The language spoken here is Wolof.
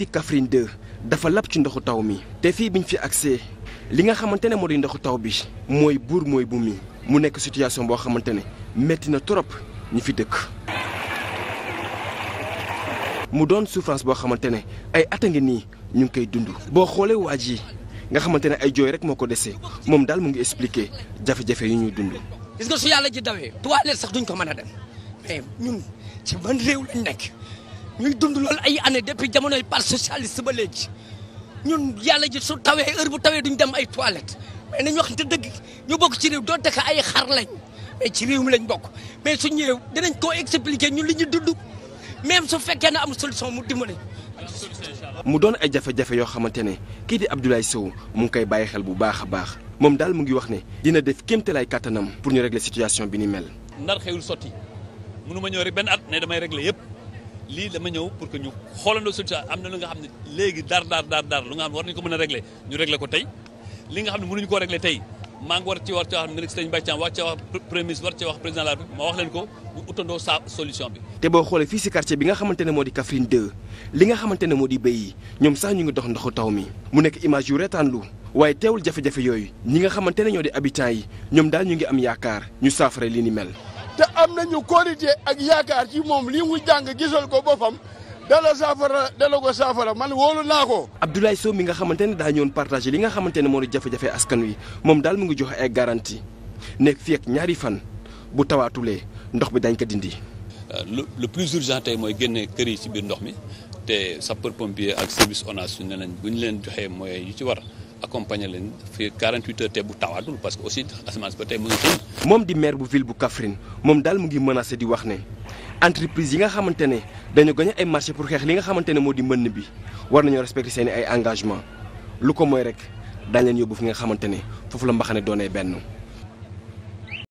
di Kaffrine 2 dafa lab ci ndoxu taw mi te fii biñ fi agsee li nga xamante ne moo di ndoxu taw bi mooy buur mooy bu mi mu nekk situation boo xamante ne métti na trop ñu fi dëkk mu doon souffrance boo xamante ne ay at a ngi nii ñu ngi koy dund boo xoolee waa ji nga xamante ne ay jooy rek moo ko desee moom daal mu ngi expliquer jafe-jafe yu ñuy dund gis nga su yàlla ji dawee toilette sax duñ ko mën a dem mais ñun ci ban réew lañ nekk ñuy dund loolu ay année depuis jamonoy parti socialiste ba léegi ñun yàlla ji su tawee heure bu tawee duñ dem ay toilettes mais nañ wax te dëgg ñu bokk ci réew doo teka ay xar lañ mais ci réew mi lañ bokk mais suñu réew dinañ koo expliquer ñun li ñu dund même su fekkee ne am solution mu dimbali. mu doon ay jafe-jafe yoo xamante ne kii di Abdoulaye Sow mu ngi koy bàyyi xel bu baax a baax moom daal mu ngi wax ne dina def kéemtalaay kàttanam pour ñu régler situation bi ni mel. ndar xewul sotti mënu ma ñëw rek benn at ne damay régler yëpp. lii dama ñëw pour que ñu xoolandoo solution am na lu nga xam ne léegi dar dar dar dar lu nga xam ne war nañu ko mën a régler ñu régler ko tey li nga xam ne mënuñu koo régler tey maa ngi war ci war ci wax ministre Mbaye Thiam war ci wax leen ko ñu utandoo sa solution bi te boo xoolee fii si quartier bi nga xamante ne moo di Kaffrine 2 li nga xamante ne moo di béy yi ñoom sax ñu ngi dox ndoxu taw mi mu nekk image yu reetaanlu waaye teewul jafe-jafe yooyu ñi nga xamante ne ñoo di habitants yi ñoom daal ñu ngi am yaakaar ñu saafara li ni mel te am nañu qualité ak yaakaar ci moom lii mu jàng gisal ko boppam dala saafara dala ko saafara man wóolu naa ko. Abdoulaye Sow mi nga xamante ne daa ñëwoon partagé li nga xamante ne moo di jafe-jafe askan wi moom daal mu ngi joxe ay garantie nekk fii ak ñaari fan bu tawaatulee ndox bi dañ ko dindi. Euh, le plus urgent tey mooy génne kër yi ci biir ndox mi te sapeur pompier ak service ONAS ne leen bu ñu leen joxee mooy yu ci war accompagner leen fi 48 heures te bu que aussi asamaan ba tey mu maire bu bu Kaffrine moom daal mu ngi mën a menacé di wax ne entreprise yi nga xamante ne dañu gañ ay marché pour xeex li nga xamante ne moo di mbënn bi war nañoo respecter seen i ay engagement lu ko moy rek daañu leen yóbbu fi nga xamante ne foofu la mbaxane doonee benn.